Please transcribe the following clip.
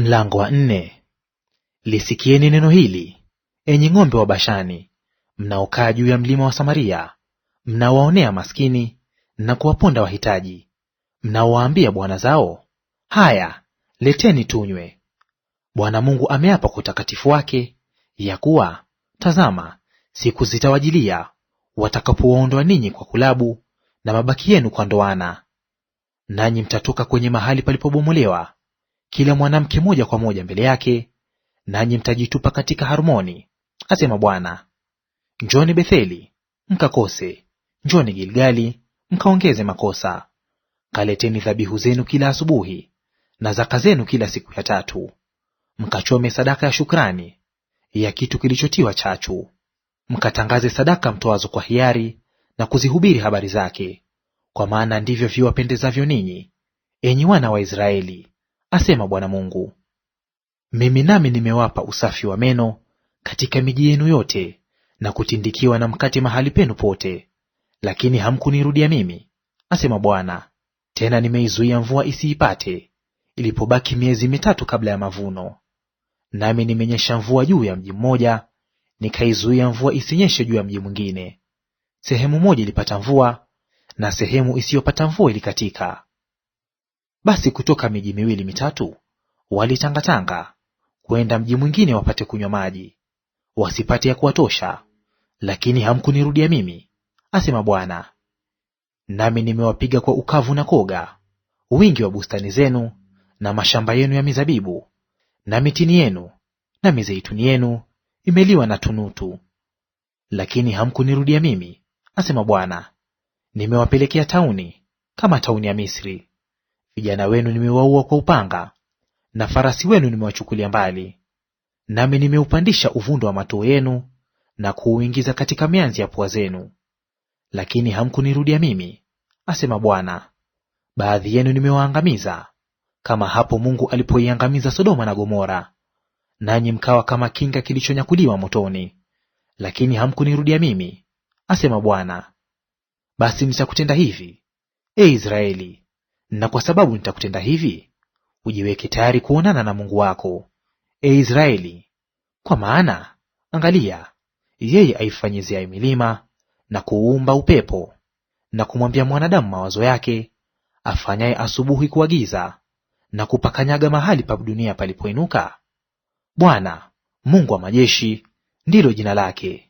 Mlango wa nne. Lisikieni neno hili, enyi ng'ombe wa Bashani, mnaokaa juu ya mlima wa Samaria, mnaowaonea maskini na kuwaponda wahitaji, mnaowaambia bwana zao, haya leteni tunywe. Bwana Mungu ameapa kwa utakatifu wake ya kuwa, tazama, siku zitawajilia watakapowaondoa ninyi kwa kulabu na mabaki yenu kwa ndoana, nanyi mtatoka kwenye mahali palipobomolewa kila mwanamke moja kwa moja mbele yake, nanyi mtajitupa katika Harmoni, asema Bwana. Njoni Betheli mkakose, njoni Gilgali mkaongeze makosa. Kaleteni dhabihu zenu kila asubuhi na zaka zenu kila siku ya tatu, mkachome sadaka ya shukrani ya kitu kilichotiwa chachu, mkatangaze sadaka mtoazo kwa hiari na kuzihubiri habari zake, kwa maana ndivyo viwapendezavyo ninyi, enyi wana wa Israeli asema Bwana Mungu. Mimi nami nimewapa usafi wa meno katika miji yenu yote, na kutindikiwa na mkate mahali penu pote, lakini hamkunirudia mimi, asema Bwana. Tena nimeizuia mvua isiipate, ilipobaki miezi mitatu kabla ya mavuno. Nami nimenyesha mvua juu ya mji mmoja, nikaizuia mvua isinyeshe juu ya mji mwingine. Sehemu moja ilipata mvua, na sehemu isiyopata mvua ilikatika. Basi kutoka miji miwili mitatu walitangatanga kwenda mji mwingine wapate kunywa maji, wasipate ya kuwatosha; lakini hamkunirudia mimi, asema Bwana. Nami nimewapiga kwa ukavu na koga, wingi wa bustani zenu na mashamba yenu ya mizabibu, na mitini yenu na mizeituni yenu imeliwa na tunutu. Lakini hamkunirudia mimi, asema Bwana. Nimewapelekea tauni kama tauni ya Misri, Vijana wenu nimewaua kwa upanga, na farasi wenu nimewachukulia mbali. Nami nimeupandisha uvundo wa matoo yenu na kuuingiza katika mianzi ya pua zenu, lakini hamkunirudia mimi, asema Bwana. Baadhi yenu nimewaangamiza kama hapo Mungu alipoiangamiza Sodoma na Gomora, nanyi mkawa kama kinga kilichonyakuliwa motoni, lakini hamkunirudia mimi, asema Bwana. Basi nitakutenda hivi, e Israeli, na kwa sababu nitakutenda hivi, ujiweke tayari kuonana na Mungu wako, e Israeli. Kwa maana angalia, yeye aifanyiziaye milima na kuumba upepo, na kumwambia mwanadamu mawazo yake, afanyaye asubuhi kuwa giza na kupakanyaga mahali pa dunia palipoinuka, Bwana Mungu wa majeshi ndilo jina lake.